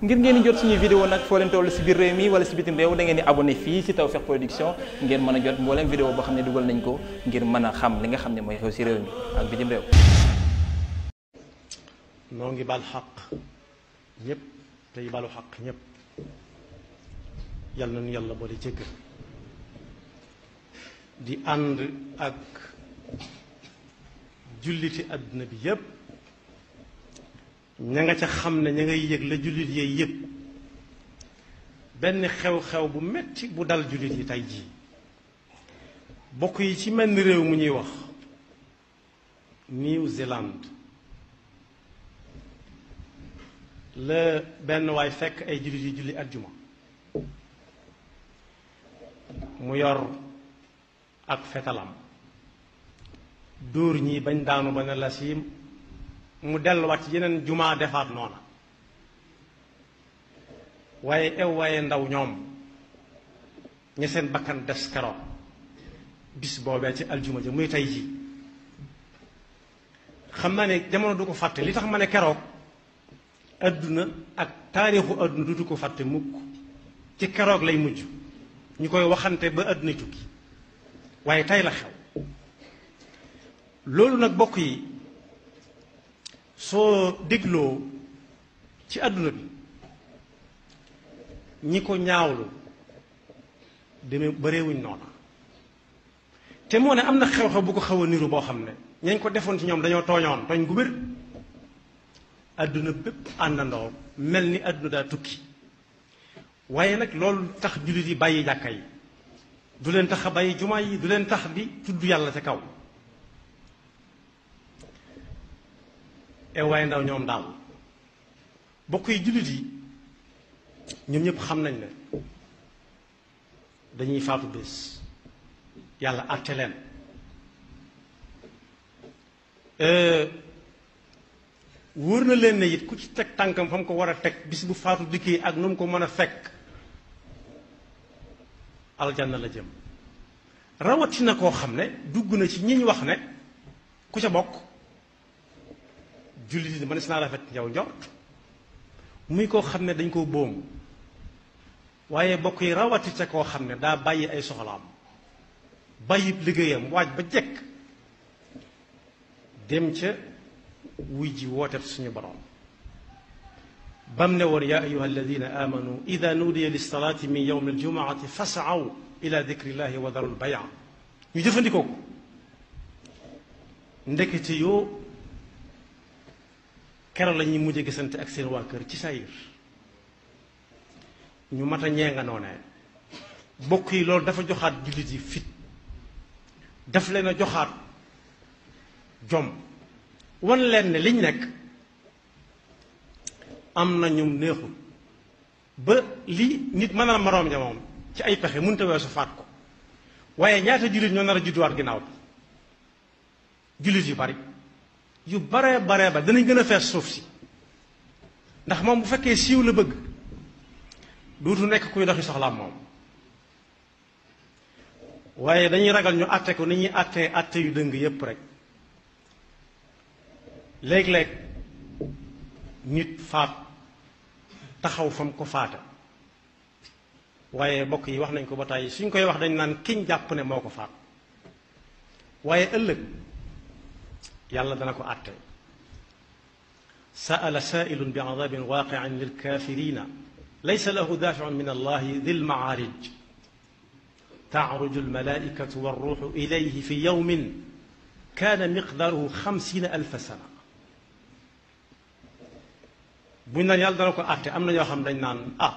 ngir ngeen jot suñuy vidéo nag foo leen toll si biir réew mi wala si bitim réew da ngeen di abonné fii si Tawfekh Production ngeen mën a jot mbooleem vidéo boo xam ne dugal nañ ko ngir mën a xam li nga xam ne mooy xew si réew mi ak bitim réew noo ngi bal xaq ñëpp tey balu xaq ñëpp yàlla nañu yàlla boole jéggal di ànd ak julliti àdduna bi yépp ña nga ca xam ne ña ngay yëg la jullit yee yëg benn xew-xew bu metti bu dal jullit yi tey jii bokk yi ci mel ni réew mu ñuy wax New Zealand la benn waay fekk ay jullit yi julli àjjuma mu yor ak fetalam dóor ñi bañ daanu ba ne la mu delluwaat ci yeneen jumaa defar noona waaye ew waaye ndaw ñoom ña seen bakkan des kero bis boobee ci aljuma ja muy tey ji xam naa ne jamono du ko fàtte li tax ma ne keroog àdduna ak taarixu adduna du du ko fàtte mukk ci keroog lay mujj ñu koy waxante ba àdduna tukki waaye tey la xew loolu nag bokk yi soo dégloo ci àdduna bi ñi ko ñaawlu demee barewuñ noona te moo ne am na xew-xew bu ko xaw a niru boo xam ne ñañ ko defoon ci ñoom dañoo tooñoon tooñ gu bëri àdduna bépp àndandoo mel ni àdduna daa tukki waaye nag loolu tax jullit yi bàyyi jàkka yi du leen tax a bàyyi jumaa yi du leen tax di tudd yàlla ca kaw ew ndaw ñoom daaw bokk yi jullit yi ñoom ñëpp xam nañ ne dañuy faatu bés yàlla àtte leen euh, wóor na leen ne it ku ci teg tànkam fa mu ko war a teg bis bu faatu dikkee ak nu mu ko mën a fekk aljanna la jëm rawatina koo xam ne dugg na ci ñi wax ne ku ca bokk jullit yi mënees naa rafet yow njort muy koo xam ne dañ koo boom waaye bokk yi rawati ca koo xam ne daa bàyyi ay soxlaam bàyyi liggéeyam waaj ba jekk dem ca wuy ji wooteef suñu borom bam ne woon yaa ayuha alladina amanu ida nuudiya lissalaati min yowmi aljumaati fasaw ila dikrillahi wa daru lbaya ñu jëfandikoo ko yoo keroog la ñuy mujj gisante ak seen waa kër ci sayir ñu mat a ñee nga noone bokk yi loolu dafa joxaat jullit yi fit daf leen a joxaat jom wan leen ne liñ nekk am na ñum neexul ba lii nit ma a maroom ja moom ci ay pexe mënut a weesu faat ko waaye ñaata jullit ñoo nar a judduwaat ginnaaw bi jullit yu bari yu baree baree ba danañ gën a fees suuf si ndax moom bu fekkee siiw la bëgg duutu nekk kuy doxi soxlaam moom waaye dañuy ragal ñu àtte ko ni ñuy àttee àtte yu dëng yépp rek léeg-léeg nit faat taxaw fam ko faata waaye mbokk yi wax nañ ko ba tàyyi suñ koy wax dañ naan kiñ jàpp ne moo ko faat waaye ëllëg yàlla dana ko àtte saala saailun bi adabin waaqian lilkafirina laysa lahu daafiun min allahi di lmaarij taaruju almalaikatu walruxu ilayhi fi yowmin kaana miqdaaruhu xamsiina alfa sana buñ naan yàlla dana ko àtte am na ñoo xam dañ naan ah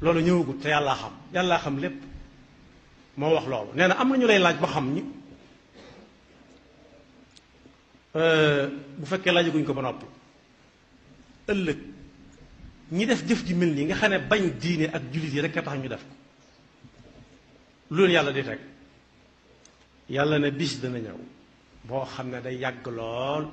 loolu ñëwagut te yàllaa xam yàllaa xam lépp moo wax loolu nee na am na ñu lay laaj ba xam ñi Euh, bu fekkee laajaguñ ko ba noppi ëllëg ñi def jëf ji mel nii nga xam ne bañ diine ak jullit yi rek a tax ñu def ko lu leen yàlla di teg yàlla ne bis dana ñëw boo xam ne day yàgg lool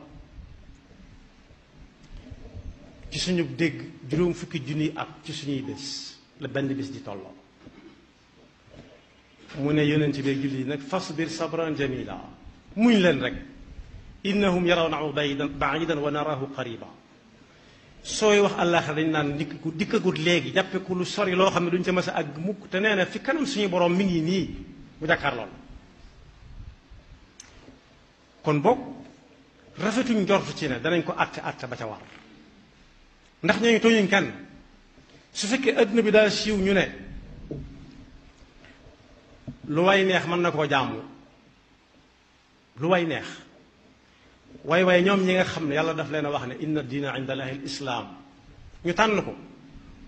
ci suñu dégg juróom fukki junniy at ci suñuy bés la benn bis di tolloo mu ne yonent bi jullit yi nag fas fasbir sabran jamila muñ leen rek naa innahum yarawnahu baidan wa narahu qariba sooy wax àllaaxira dañ naan dikk gu dikkagut léegi jàppe ko lu sori loo xam ne duñ ca mës a àgg mukk te nee na fi kanam suñu borom mi ngi nii mu jàkkaar lool kon boog rafetuñ njortu ci ne danañ ko àtte àtte ba ca war ndax ñooñu tooñuñ kenn su fekkee àddina bi daal siiw ñu ne lu way neex mën na koo jaamu lu way neex way way ñoom ñi nga xam ne yàlla daf leen a wax ne inna diina inda allahi al islaam ñu tànn ko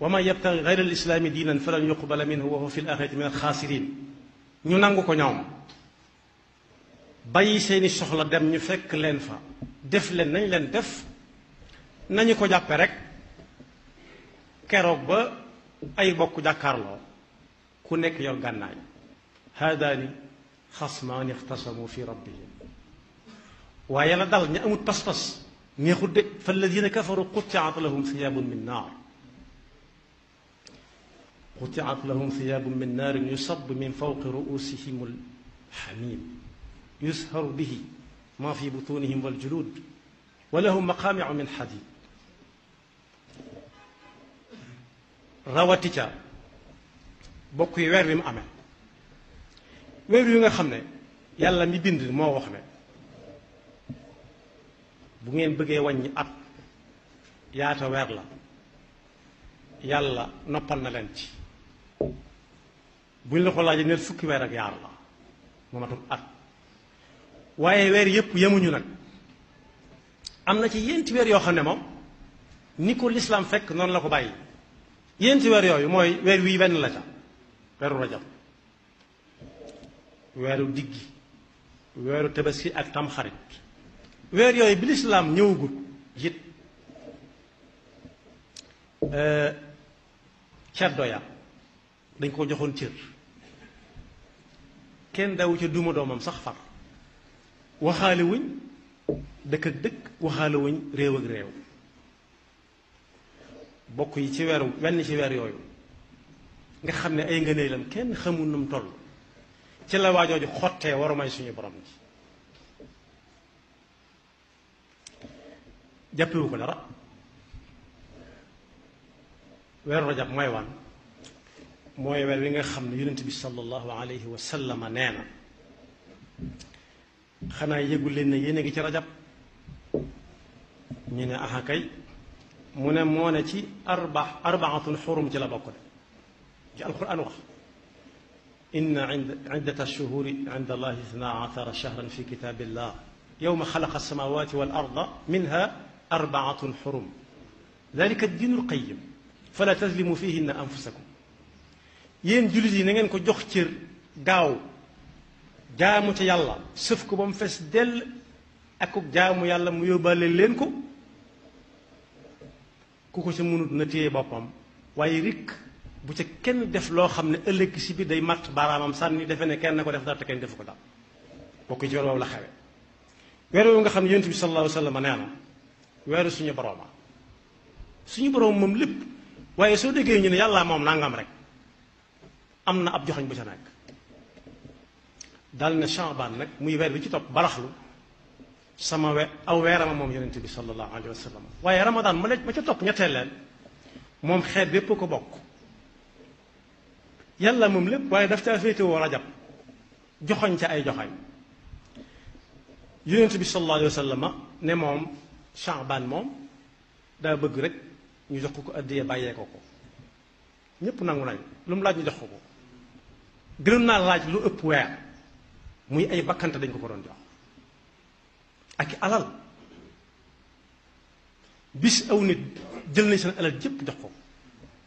wa man yabtagi gayra al islaami diinan falan yuqbala minhu wa huwa fi l axirati min al xaasiriin ñu nangu ko ñoom bàyyi seeni soxla dem ñu fekk leen fa def leen nañ leen def nañu ko jàppe rek keroog ba ay bokk jàkkaarloo ku nekk yor gànnaay haadaani xasmaani ixtasamu fi rabbihim waaye la dal ña amut pas-pas neexut de fa alladina kafaru qutiat lahum siyaabun min naar qutiat lahum siyaabun min naarin yusabu min fawqi ruusihim alxamim yusharu bihi ma fi butunihim waljuluud wa lahum maqaamicu min xadiid rawati ca bokk yi weer wi mu amee weer wi nga xam ne yàlla mi bind moo wax ne bu ngeen bëggee wàññi at yaata weer la yàlla noppal na leen ci buñ la ko laajee ne fukki weer ak yaar la mu at waaye weer yëpp yemuñu nag am na ci yenti weer yoo xam ne moom ni ko lislaam fekk noonu la ko bàyyi yenti weer yooyu mooy weer wii wenn la ca weeru rajab weeru diggi weeru tabaski ak tamxarit weer yooyu bi lislaam ñëwagut it euh, ceddo ya dañ ko joxoon cër kenn dawu ca duuma doomam sax far waxaale wuñ dëkk ak dëkk waxaale wuñ réew ak réew bokk yi ci weeru wenn ci weer yooyu nga xam ne ay ngëneelam kenn xamul nu mu toll ci la waajooju xottee waru may suñu borom ji jàppewu ko dara weeru rajab mooy wan mooy weer wi nga xam ne yonent bi sallallahu alayhi wa sallama nee na xanaa yëgu leen ne yéen a ngi ci rajab ñu ne aha kay mu ne moo ne ci arba arbaatun xurum ci la bokk de ci alquran wax inna iddata shuhuri inda allahi isna ashara shahran fi kitabillah yowma xalaqa alsamawati wal arda minha أربعة حرم ذلك الدين القيم فلا تظلموا فيهن أنفسكم yéen jullit yi nangeen ko jox cër gaaw jaamu ca yàlla sëf ko ba mu fees dell ak jaamu yàlla mu yóbbaale leen ko ku ko ca mënut na téye boppam waaye rikk bu ca kenn def loo xam ne ëllëg si bi day matt baaraamam sànni defe ne kenn na ko def dara te kenn defu ko daal bokk ci weer la xewe weer woowu nga xam ne yonent bi sallallahu alayhi wa sallam weeru suñu borooma suñu boroom moom lépp waaye soo déggee ñu ne yàlla moom nangam rek am na ab joxañ bu ca nekk dal na Shaabaan nag muy weer bi ci topp baraxlu sama we aw weerama moom yonent bi sallallahu alayhi wa sallam waaye ramadaan ma ma ca topp ñetteel leen moom xeet yépp ko bokk yàlla moom lépp waaye daf caa féetewoo rajab joxoñ ca ay joxañ yonent bi sallallahu alayhi ne moom Chaabaan moom daa bëgg rek ñu jox ko ko addiya bàyyee ko ko ñépp nangu nañ lu mu laaj ñu jox ko ko gënoon naa laaj lu ëpp weer muy ay bakkante dañ ko ko doon jox ak i alal bis aw nit jël nañ seen alal jëpp jox ko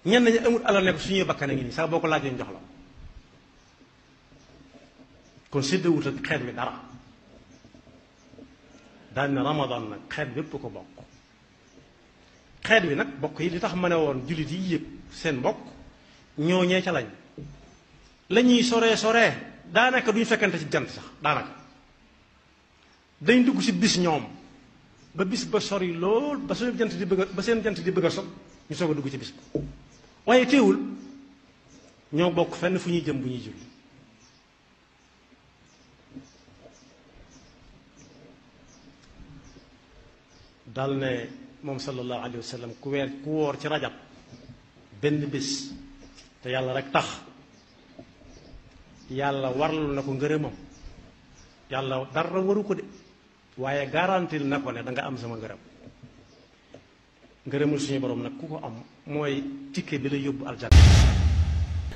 ñenn ñi amul alal ne ko suñuy bakkane ngi nii sax boo ko laajee ñu jox la ko kon séddewut ak xeet mi dara daal ne ramadan nag xeet bépp ko bokk xeet bi nag bokk yi li tax ma ne woon jullit yi yëpp seen bokk ñooñee ca lañ lañuy sore sore soree daanaka duñu fekkante ci jant sax daanaka dañ dugg ci bis ñoom ba bis ba sori lool ba suñu jant di bëgg ba seen jant di bëgg a sot ñu soog a dugg ci bis ba waaye teewul ñoo bokk fenn fu ñuy jëm bu ñuy julli dal ne moom sallallahu alayhi wa sallam ku weer ku woor ci rajab benn bés te yàlla rek tax yàlla warlul na ko ngërëmam yàlla dara waru ko de waaye garantil na ko ne da nga am sama ngërëm ngërëmul suñu borom nag ku ko am mooy ticket bi la yóbbu aljanna